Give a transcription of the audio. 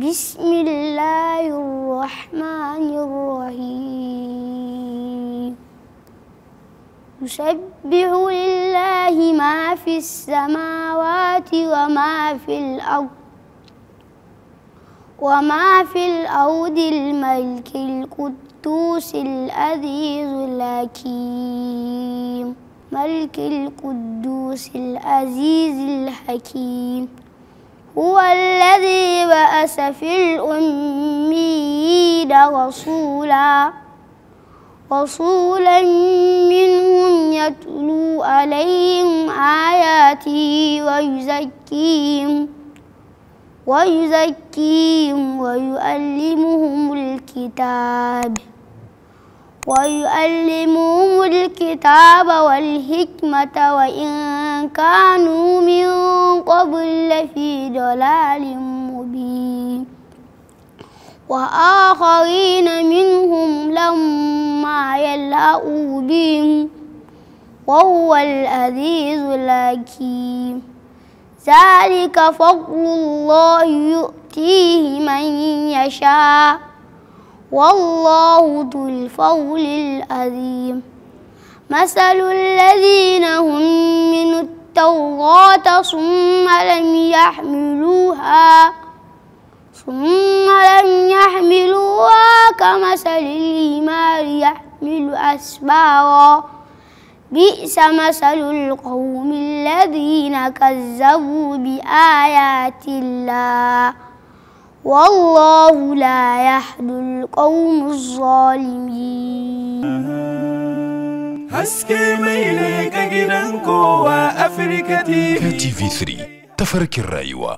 بسم الله الرحمن الرحيم يسبح لله ما في السماوات وما في الأرض وما في الأرض الملك القدوس العزيز الحكيم ملك القدوس العزيز الحكيم هو الذي بأس في الأميين رسولا رسولا منهم يتلو عليهم آياته ويزكيهم ويزكيهم ويؤلمهم الكتاب ويؤلمهم الكتاب والحكمة وإن كانوا من ضلال مبين وآخرين منهم لما يلهأوا بهم وهو العزيز الحكيم ذلك فضل الله يؤتيه من يشاء والله ذو الفضل العظيم مثل الذين هم من التوراة ثم لم يحملوا يحملوها ثم لم يحملوها كمثل الحمار يحمل أسبارا بئس مثل القوم الذين كذبوا بآيات الله والله لا يهدي القوم الظالمين هسكي ميلي ne ga gidan kowa Afirka تفرك KTV3